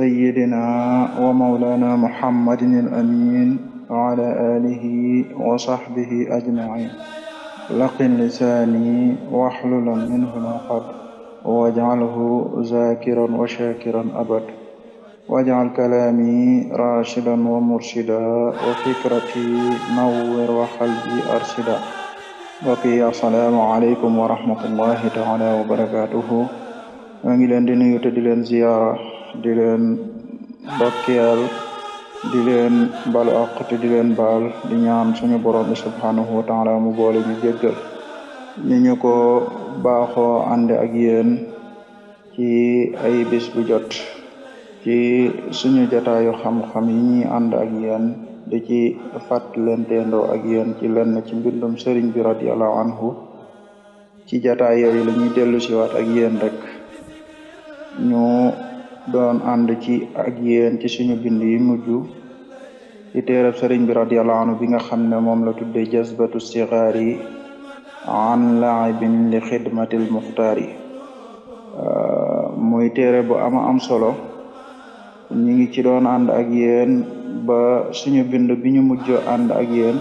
سيدنا ومولانا محمد الأمين وعلى آله وصحبه أجمعين لقن لساني واحلل منه العقد واجعله ذاكرا وشاكرا أبد واجعل كلامي راشدا ومرشدا وفكرتي نور وقلبي أرشدا وقي السلام عليكم ورحمة الله تعالى وبركاته maa ngi leen di nuyu te di leen ziyaara di leen ndokkeel di leen balu te di leen baal di ñaan suñu borom bi subhanahu wa taala mu boole ñu jéggal ñu ñu ko baaxoo ànd ak yéen ci ay bis bu jot ci suñu jataayu xam-xam yi ñuy ànd ak yéen di ci fàttalanteendoo ak yéen ci lenn ci mbindum sëriñ bi radiallahu anhu ci jataay yi la ñuy dellu siwaat ak yéen rek ñu doon ànd ci ak yéen ci suñu bind yi mujj ci téerab sëriñ bi radiallahu bi nga xam ne moom la tudde jazbatu sigaari an laibin li xidmatil muxtaari muy téere bu ama am solo ñu ngi ci doon ànd ak yéen ba suñu bind bi ñu mujj ànd ak yéen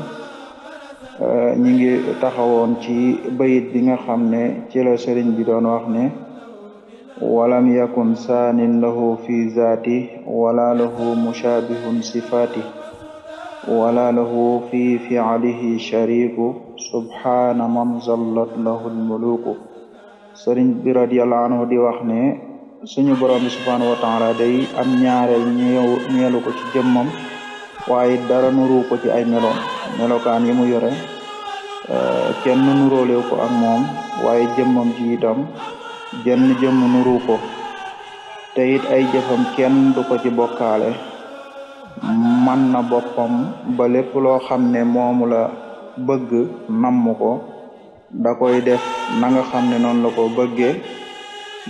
ñu ngi taxawoon ci bayit bi nga xam ne ci la sëriñ bi doon wax ne walam يكن ثان له في ذاته ولا له مشابه صفاته ولا له في فعله شريك سبحان من زلت له الملوك sëriñ bi radiyallahu anhu di wax ne suñu borom bi subhanahu wa taala day am ñaareel ñeew ñeelu ko ci jëmmam waaye dara nuru ko ci ay melo melokaan yi mu yore eh, kenn nuróolew ko ak moom waaye jëmmam ji itam jenn jëmm nuru ko te ay jëfam kenn du ko ci bokkaale man na boppam ba lépp loo xam ne moomu la bëgg namm ko da koy def na nga xam ne noonu la ko bëggee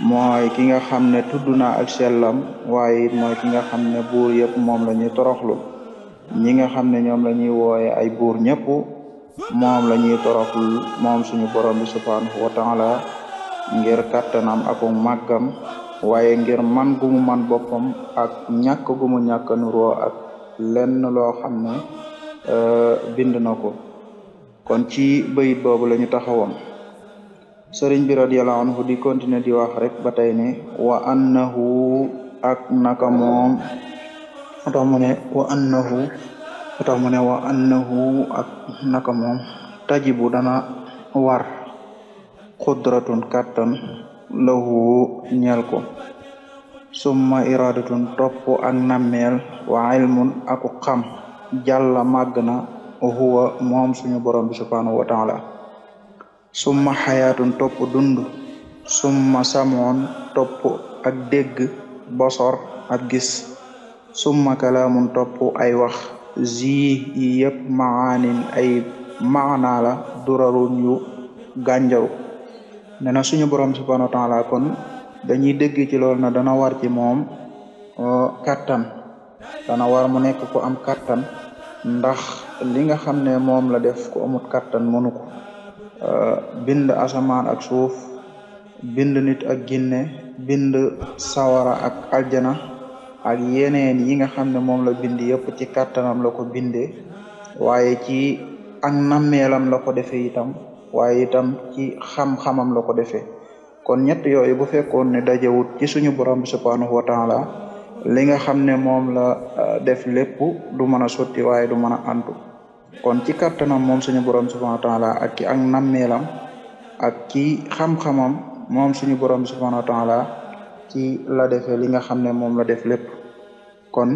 mooy ki nga xam ne tudd naa ak sellam waaye it mooy ki nga xam ne buur yëpp moom la ñuy ñi nga xam ne ñoom la ñuy ay buur ñëpp moom la ñuy moom suñu borom bi subhanahu wa taala ngir kàttanam akum màggam waaye ngir man gu man boppam ak ñàkk gu mu ñàkk nuroo ak lenn loo xam ne euh, bind na ko kon ci bayit boobu la ñu taxawoon sëriñ bi radiyallahu anhu di di wax rek ba tey ne wa annahu ak naka moom tax mu dana war xudratun kàttan lahu ñeel ko summa iradatun topp ak nammeel wa ilmun aku xam jàlla màgg na huwa moom suñu borom bi subhanahu wa taala summa xayaatun topp dund summa samoon topp ak dégg bosor ak gis summa kalaamun topp ay wax zii yi yëpp ay maanaa la duraruñ yu gànjaru nee na suñu borom subhanahu wa taala kon dañuy dégg ci loolu na dana war ci moom euh, kattan dana war mu nekk ku am kattan ndax li nga xam ne moom la def ku amut kattan mënu ko euh, bind asamaan ak suuf bind nit ak ginne bind sawara ak aljana ak yeneen yi nga xam ne moom la bind yëpp ci kattanam la ko bindee waaye ci ak nammeelam la ko defee itam waaye itam ci xam-xamam la ko defee kon ñett yooyu bu fekkoon ne dajewut ci suñu borom bi subhanahu wa taala li nga xam ne moom la euh, def lépp du mën a sotti waaye du mën a antu kon ci kattanam moom suñu borom bi subhanahu wa taala ak ci ak nammeelam ak ci xam-xamam moom suñu borom bi subhanahu wa taala ci la defee li nga xam ne moom la def lépp kon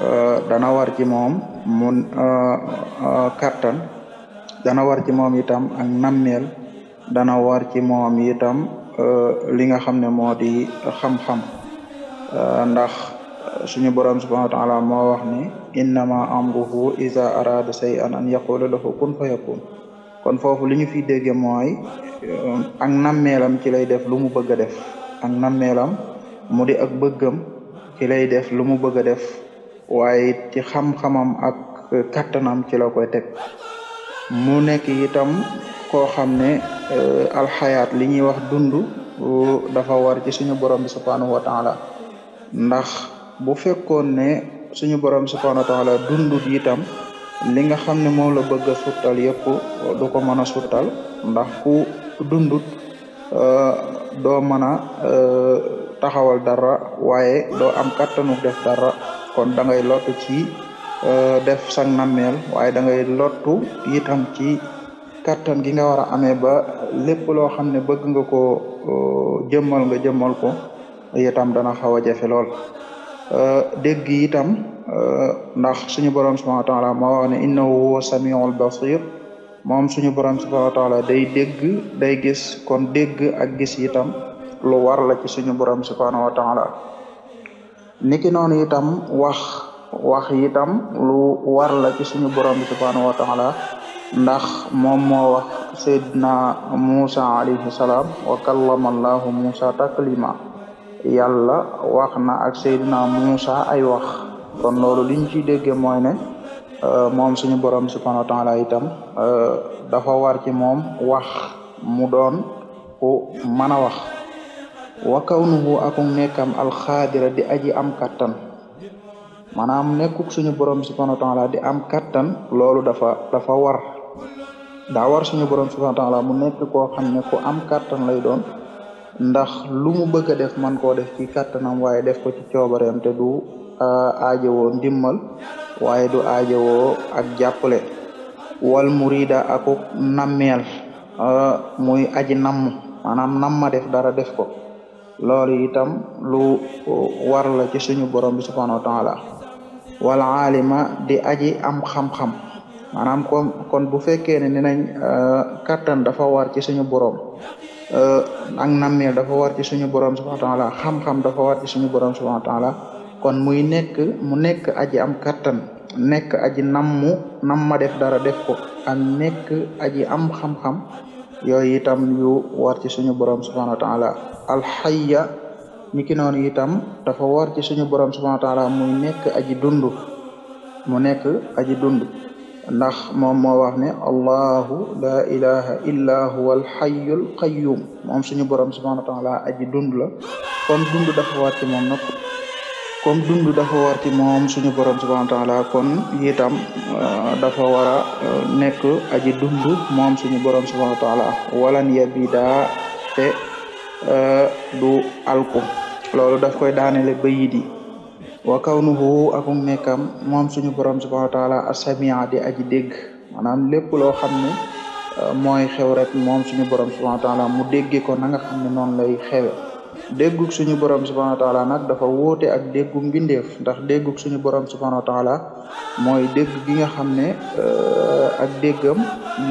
euh, dana war ci moom mun euh, kattan dana war ci moom itam ak nammeel dana war ci moom itam euh, li nga xam ne moo di xam-xam euh, ndax suñu borom subhanahu wa taala moo wax ni innama amruhu iza arada shay'an an yaqula lahu kun fayakun kon foofu liñu fi fiy dégge mooy euh, ak nammeelam ci lay def lu mu bëgg a def ak nammeelam mu di ak bëggam ci lay def lu mu bëgg a def waaye ci xam-xamam ak kattanam ci la koy teg mu nekk itam koo xam ne euh, alxayaat li ñuy wax dund dafa war ci suñu borom bi subhanahu wa taala ndax bu fekkoon ne suñu borom bi subhanahu wa taala dundut itam li nga xam ne moom la bëgg a suttal yëpp du ko mën a suttal ndax ku dundut euh, doo mën a euh, taxawal dara waaye doo am kattanu def dara kon da ngay lott ci Euh, def sag nammeel waaye da ngay lottu itam ci kattan gi nga war a amee ba lépp loo xam ne bëgg nga ko euh, jëmmal nga jëmmal ko itam dana xaw a jafe lool euh, dégg itam ndax suñu borom subhanahu wa taala moo wax ne innahu huwa samiul basir moom suñu borom subhanahu wa taala day dégg day gis kon dégg ak gis itam lu war la ci suñu borom subhanahu wa taala niki noonu itam wax wax itam lu war la ci suñu borom bi subhanahu wa taala ndax moom mo wax sayyidina Musa alayhi salaam wa kallama allahu Musa taklima yàlla wax na ak sayyidina Musa ay wax kon loolu liñ ciy déggee mooy ne euh, moom suñu borom bi subhanahu wa taala itam euh, dafa war ci moom wax mu doon ku mën a wax wa kawnuhu akum nekkam alxaadira di aji am kattan maanaam nekku suñu borom subhanahu wa taala di am kattan loolu dafa dafa war daa war suñu borom subhanahu wa taala mu nekk ko xam ne ku am kattan lay doon ndax lu mu bëgg a def man koo def ci kattanam waaye def ko ci coobareem te du aajowoo ndimmal waaye du aajowoo ak jàppale wal murida aku nammeel muy aji namm maanaam namma def dara def ko loolu itam lu uh, war la ci suñu borom bi subhanahu wa taala wal alima di aji am xam-xam maanaam kon kon bu fekkee ne nañ euh, kattan dafa war ci suñu borom euh, ak nammeel dafa war ci suñu borom subhanahu wa taala xam-xam dafa war suñu borom subhanahu wa taala kon muy nekk mu nekk aji am kattan nekk aji nam namma def dara def ko ak nekk aji am xam-xam yooyu itam yu war ci suñu borom subhanahu wa taala niki noonu itam dafa woor ci suñu borom subhanahu wa taala muy nekk aji dund mu nekk aji dund ndax moom moo wax ne allahu laa ilaha illa huwa al hayyul qayyum suñu borom subhanahu wa taala aji dund la comme dund dafa woor ci moom comme dund dafa war suñu borom subhanahu wa taala kon itam euh, dafa war a euh, nekk aji dund moom suñu borom subhanahu wa taala walan yabida te euh, du alku loolu daf koy daanele bayit yi wa kawnuhu akum nekkam moom suñu borom subhanahu wa taala asamia di aji dégg maanaam lépp loo xam ne euh, mooy xew rek moom suñu borom subhanahu wa taala mu déggee ko nanga xam ne noonu lay xewe déggug suñu borom subhanahu wa taala nag dafa wóote ak déggu mbindeef ndax déggug suñu borom subhanahu taala mooy dégg gi nga xam ne euh, ak déggam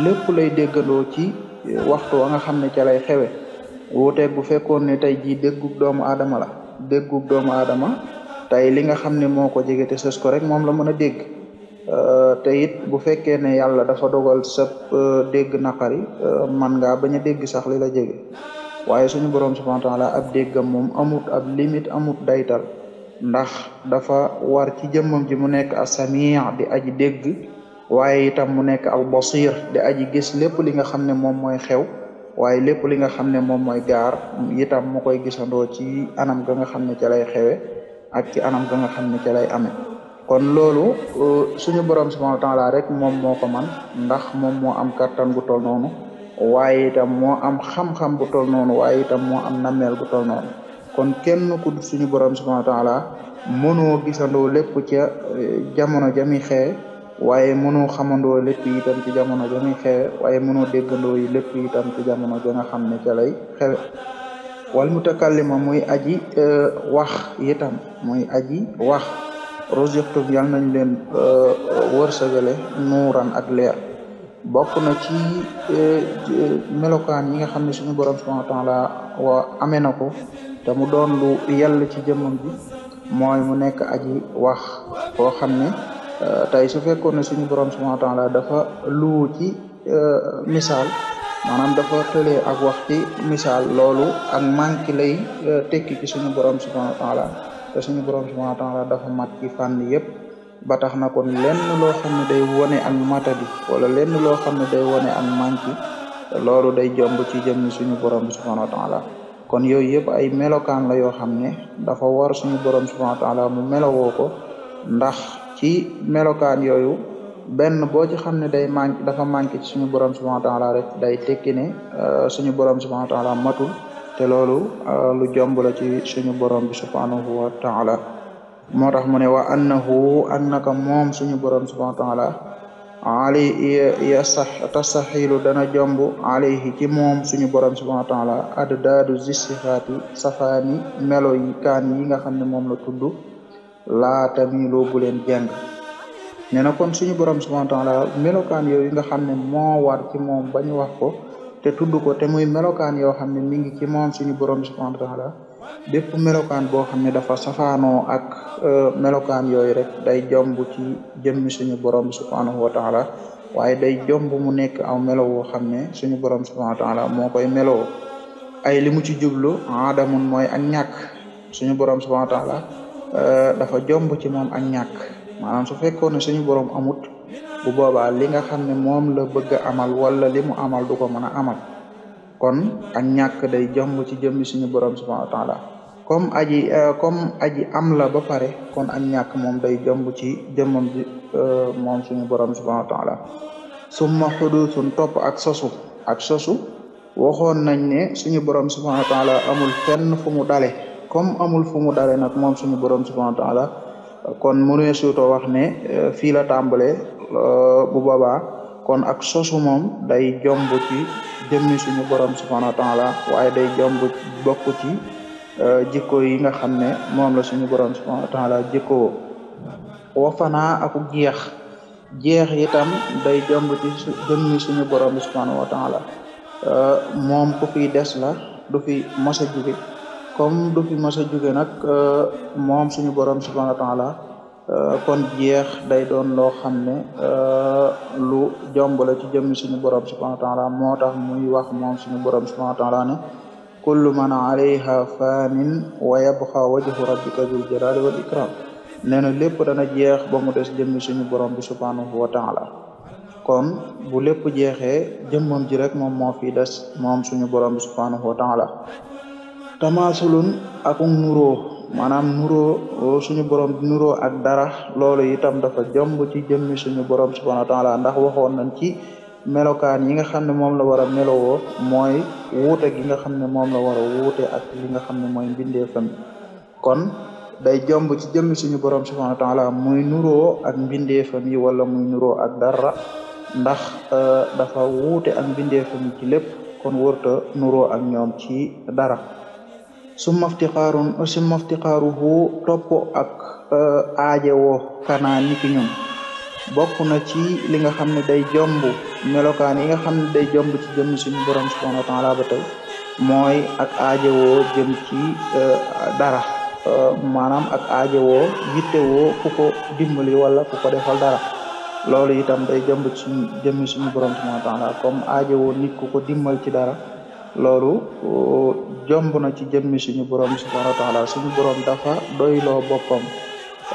lépp lay déggandoo ci euh, waxtu wa nga xam ne ca lay xewe wuuteeg bu fekkoon ne tey jii déggug doomu aadama la déggug doomu aadama tey li nga xam ne moo ko jege te sës ko rek moom la mën a dégg euh, te it bu fekkee ne yàlla dafa dogal sëb euh, dégg naqari euh, man ngaa bañ a dégg sax la jege waaye suñu borom subhanahu wa taala ab déggam moom amut ab limite amut daytal ndax dafa war ci jëmmam ji mu nekk as-sami' di aji dégg waaye itam mu nekk al-basir di aji gis lépp li nga xam ne moom mooy xew. waaye lépp li nga xam ne moom mooy gaar itam mu koy gisandoo ci anam ga nga xam ne ca lay xewe ak ci anam ga nga xam ne ca lay amee kon loolu euh, suñu borom subhanahu temps la rek moom moo ko man ndax moom moo am kattan bu tol noonu waaye itam moo am xam-xam bu tol noonu waaye itam moo am nammeel bu tol noonu kon kenn ku suñu borom subhanahu wa la mënoo gisandoo lépp ca euh, jamono jami xewe waaye mënoo xamandoo lépp itam ci jamono ja xewe waaye mënoo déggandoo yi lépp itam ci jamono ja nga xam ne ca lay xewe wal mutakallima muy aji e, wax itam muy aji wax rogertum yal nañ leen e, wërsëgale nuuran ak leer bokk na ci e, melokaan yi nga xam ne suñu borom subhanahu wa taala wa amee na ko te mu doon lu yàlla ci jëmmam bi mooy mu nekk aji wax koo xam ne Eh, tey su fekkoon ne suñu borom subhanahu wa taala dafa lu ci eh, misaal maanaam dafa tëlee ak wax ci misaal loolu ak manque lay eh, tekki ci suñu borom subhanahu wa taala suñu borom subhanahu wa dafa mat ci fànn yëpp ba tax na kon lenn loo xam ne day wone ak matadi wala lenn loo xam ne day wone ak manque loolu day jomb ci jëmmi suñu borom subhanahu wa kon yooyu yëpp ay melokaan la yoo xam ne dafa war suñu borom subhanahu wa mu melowoo ko ndax ci melokaan yooyu benn boo ci xam ne day manqué dafa manqué ci suñu borom subhanahu wa taala rek day tekki ne euh, suñu borom subhanahu wa taala matul te loolu euh, lu jomb la ci suñu borom bi subhanahu tan taala moo tax mu ne wa annahu ak naka moom suñu borom subhanahu wa taala ali ya sax tasaxilu dana jomb alayhi ci moom suñu borom subhanahu wa taala addaadu zisifaati safaani melo yi kaan yi nga xam ne moom la tudd laata tamilu bu leen jeng nee na kon suñu borom subhanahu wa taala melokaan yooyu nga xam ne moo war ci moom ba ñu wax ko te tudd ko te muy melokaan yoo xam ne mi ngi ci suñu borom subhanahu wa taala bépp melokaan boo xam ne dafa safaanoo ak e, melokaan yooyu rek day jomb ci jëmmi suñu borom subhanahu wa taala waaye day jomb mu nekk aw melo woo xam ne suñu borom subhanahu wa taala moo koy meloo ay li mu ci jublu aadamun mooy ak ñàkk suñu borom subhanahu wa taala Euh, dafa jomb ci moom ak ñàkk maanaam su fekkoon ne suñu borom amut bu boobaa li nga xam ne moom la bëgg amal wala li mu amal du ko mën a amal kon ak ñàkk day jomb ci jëmmi suñu borom subhanahu wa taala comme aji euh, comme aji am la ba pare kon ak ñàkk moom day jomb ci jëmmam ji euh, moom suñu borom subhanahu wa taala summa topp ak sosu ak sosu waxoon nañ ne suñu borom subhanahu wa taala amul fenn fu mu dale comme amul fu mu dare nag moom suñu borom subhanahu wa taala kon mënee surtout wax ne euh, fii la tàmbalee euh, bu boobaa kon ak sosu moom day jomb ci jëmmi suñu borom subhanahu wa taala waaye day jomb bokk ci euh, jikko yi nga xam ne moom la suñu borom subhanahu wa taala jikko wa fanaa aku jeex jeex itam day jomb ci jëmmi suñu borom subhanahu wa taala moom ku fi des la du fi mos a comme du fi mos a jóge nag euh, moom suñu borom subhanahu wa taala euh, kon jeex day doon loo xam ne euh, lu jomb la ci jëmmi suñu borom subhanahu wa taala moo tax muy wax moom suñu borom subhanahu wa taala ne kullu man alayha fanin wa yabqa wajhu rabbika dul jalali wal nee na lépp dana jeex ba mu des jëmmi suñu borom bi subhanahu wa taala kon bu lépp jeexee jëmmam ji rek moom moo fi des moom suñu borom bi subhanahu wa taala tamasulun ak nuroo maanaam nuroo oh, suñu borom nuroo ak dara loolu itam dafa jomb ci jëmmi suñu borom subhanahu wa ndax waxoon nañ ci melokaan yi nga xam ne moom la war a melowoo mooy wuute gi nga xam ne moom la war a wuute ak li nga xam ne mooy mbindee mbindeefam kon day jomb ci jëmmi suñu borom subhanahu wa taala muy nuroo ak mbindeefam yi wala muy nuroo ak dara ndax eh, dafa wuute ak mbindee yi ci lépp kon wërta nuroo ak ñoom ci dara summa ftixaarun summa ftixaaruhu topp ak euh, aajewoo kana ni ki bokk na ci li nga xam ne day jomb melokaan yi nga xam ne day jomb ci jëm suñu borom subhanahu wa taala ba tey mooy ak aajewoo jëm ci euh, dara euh, maanaam ak aajewoo yittewoo ku ko dimbali wala ku ko defal dara loolu itam day jomb ci suñu jëmmi suñu borom subhanahu wa taala comme aajewoo nit ku ko dimbal ci dara loolu jomb na ci jëmmi suñu borom subhanahu suñu borom dafa doyloo boppam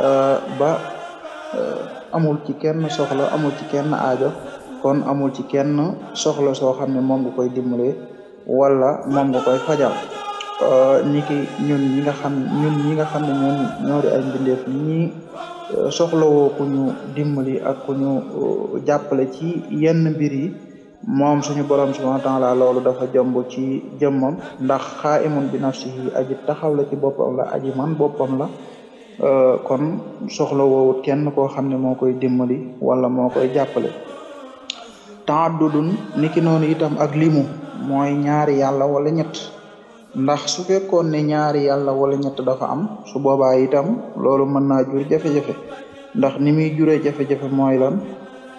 e, ba e, amul ci kenn soxla amul ci kenn aajo kon amul ci kenn soxla soo xam ne moom nga koy dimbale wala moom nga koy fajal e, ñi ki ñun ñi nga xam nga xam ne ñun ñoori ay mbindeef ñii soxlawoo ku ñu dimbali ak ku ñu jàppale ci yenn mbir yi moom suñu borom subhanahu wa taala loolu dafa jomb ci jëmmam ndax xaaimun bi nafsihi aji taxaw la ci boppam la aji man boppam la euh, kon soxla woowut kenn koo xam ne moo koy dimbali wala moo koy jàppale temps du niki noonu itam ak limu mooy ñaari yàlla wala ñett ndax su fekkoon ne ñaari yàlla wala ñett dafa am su boobaa itam loolu mën naa jur jafe-jafe ndax ni muy juree jafe-jafe mooy lan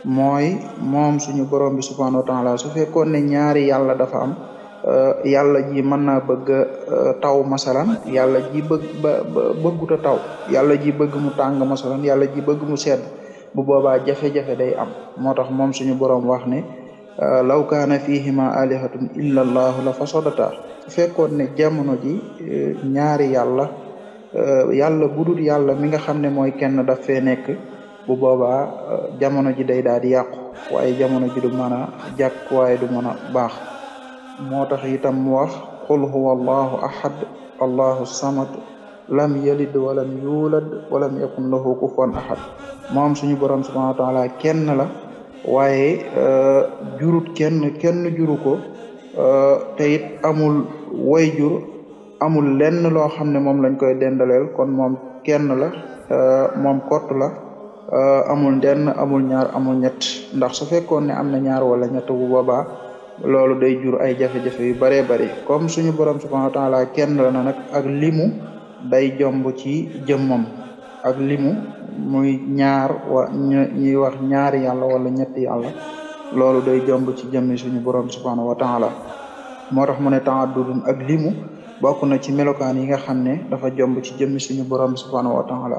mooy moom suñu borom bi subhanahu wa taala su fekkoon ne ñaari yàlla dafa am euh, yàlla ji mën naa bëgg euh, taw masalan yàlla ji bëgg a taw yàlla ji bëgg mu tàng masalan yàlla ji bëgg mu sedd bu boobaa jafe-jafe day am moo tax moom suñu borom wax ne euh, law kaana fihima alihatun illa la fasadata su fekkoon ne jamono ji ñaari yàlla yàlla budul yàlla mi nga xam ne mooy kenn daf fee nekk bu boobaa euh, jamono ji day daal di yàqu waaye jamono ji du mën a jàkk du mën a baax moo tax itam mu wax qul huwa allahu ahad allahu samad lam yalid walam yuulad walam yakun lahu kufuwan ahad moom suñu borom subhanahu wa kenn la waaye euh, jurut kenn kenn juru ko euh, te it amul way jur amul lenn loo xam ne moom lañ koy dendaleel kon moom kenn la moom kott la Euh, amul denn amul ñaar amul ñett ndax su fekkoon ne am na ñaar wala ñett wu boobaa loolu day jur ay jafe-jafe yu baree bari comme suñu borom subhanahu wa taala kenn la na nag ak limu day jomb ci jëmmam ak limu muy ñaar ñuy wax ñaari yàlla wala ñetti yàlla loolu day jomb ci jëmmi suñu borom subhanahu wa taala moo tax mu ne taaddudun ak limu bokk na ci melokaan yi nga xam ne dafa jomb ci jëmmi suñu borom subhanahu wa taala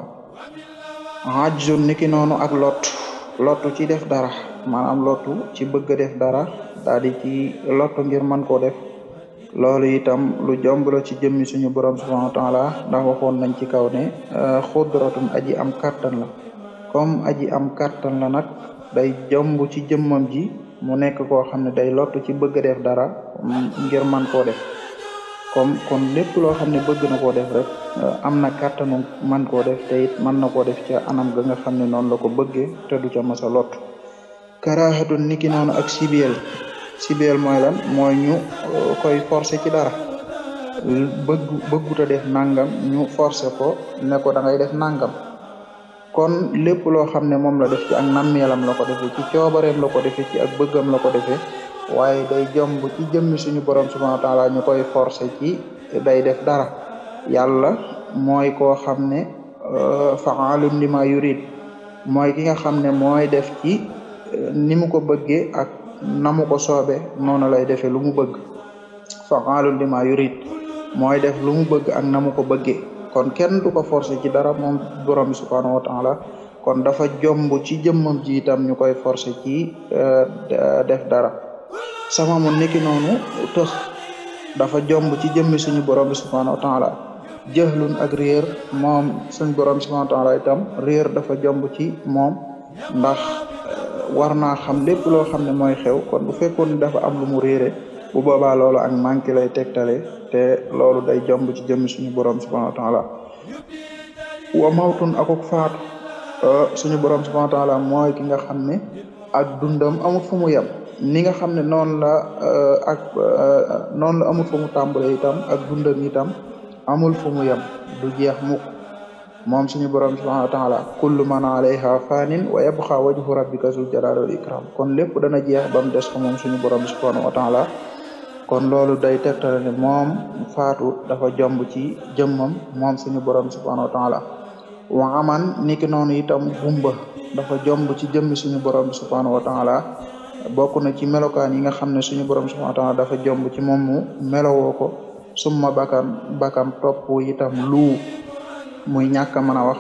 ajjun niki noonu ak lot lotu ci def dara maanaam lotu ci bëgg def dara daal ci lotu ngir mën koo def loolu itam lu jomblo ci jëmmi suñu borom subhanahu wa la ndax waxoon nañ ci kaw ne euh, xudratun aji am kattan la kom aji am kattan la nag day jomb ci jëmmam ji mu nekk koo xam ne day lotu ci bëgg def dara ngir mën koo def comme kon lépp loo xam ne bëgg na koo def rek euh, am na kàttanu man koo def te it mën na koo def ca anam ga nga xam ne noonu la ko bëggee te du ca masa lot karaxatu niki noonu ak sibeel sibeel mooy lan mooy ñu euh, koy forcer ci dara bëgg bëgguta def nangam ñu forcer ko ne dangay da def nangam kon lépp loo xam ne moom la def ci ak nammeelam la ko defee ci coobareem la ko defee ci ak bëggam la ko defee waaye day jomb ci jëmmi suñu borom subhanahu wa taala ñu koy forcer ci day def dara yàlla mooy koo xam ne euh, fa'alun lima yurid mooy ki nga xam ne mooy def ci euh, ni mu ko bëggee ak na mu ko soobe noonu lay defee lu mu bëgg fa'alun lima yurid mooy def lu mu bëgg ak na mu ko bëggee kon kenn du ko forcer ci dara moom borom bi subhanahu wa kon dafa jomb ci jëmmam ji itam ñu koy forcer ci euh, def dara sama mu nekki noonu dafa jomb ci jëmmi suñu borom bi subhanahu wa la jëxlun ak réer moom suñu borom bi subhanahu wa taala itam réer dafa jomb ci moom ndax euh, war naa xam lépp loo xam ne mooy xew kon bu fekkoon ne dafa am lu mu réere bu boobaa loolu ak manqué lay tegtale te loolu day jomb ci jëmmi suñu borom subhanahu wa la wa mawtun akuk faatu euh, suñu borom subhanahu wa taala mooy ki nga xam ne ak dundam amul fu mu yem ni nga xam ne noonu la euh, ak euh, noonu amul fu mu tàmbale itam ak dundam itam amul fu mu yem du jeex mukk moom suñu borom subhanahu wa taala kullu man alayha fanin wa yabqa wajhu rabbika zul jalali wal ikram kon lépp dana jeex ba des ko moom suñu borom subhanahu wa taala kon loolu day tegtale ne moom faatu dafa jomb ci jëmmam moom suñu borom subhanahu wa taala wa aman niki noonu itam gumba dafa jomb ci jëmmi suñu borom subhanahu wa taala bokk na ci melokaan yi nga xam ne suñu borom subhanahu wa taala dafa jomb ci moom mu melowoo ko summa bakam bakam topp itam lu muy ñàkk a mën a wax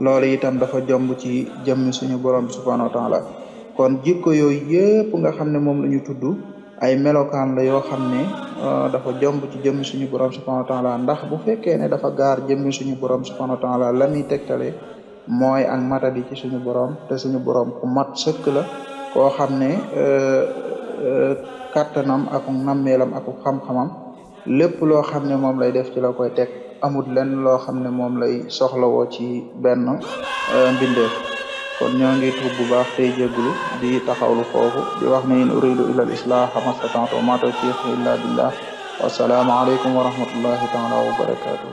loolu itam dafa jomb ci jëmmi suñu borom bi subhanahu wa kon jikko yooyu yëpp nga xam ne moom la ñu tudd ay melokaan la yoo xam ne euh, dafa jomb ci jëmmi suñu borom subhanahu wa ndax bu fekkee ne dafa gaar jëmmi suñu borom subhanahu wa taala la muy tegtale mooy ak matadi ci suñu borom te suñu borom ku mat sëkk la koo xam ne euh, euh, kattanam ak nammeelam ak xam-xamam lépp loo xam ne moom lay def ci la koy teg amut lenn loo xam ne moom lay soxlawoo ci benn euh, mbindeef kon ñoo ngi tuub bu baax tey jéggulu di taxawlu foofu di wax ne in uridu illa al islah mastata'tu wa ma tawfiqi illa billah wassalaamu aleykum wa rahmatullahi taala wa barakatuh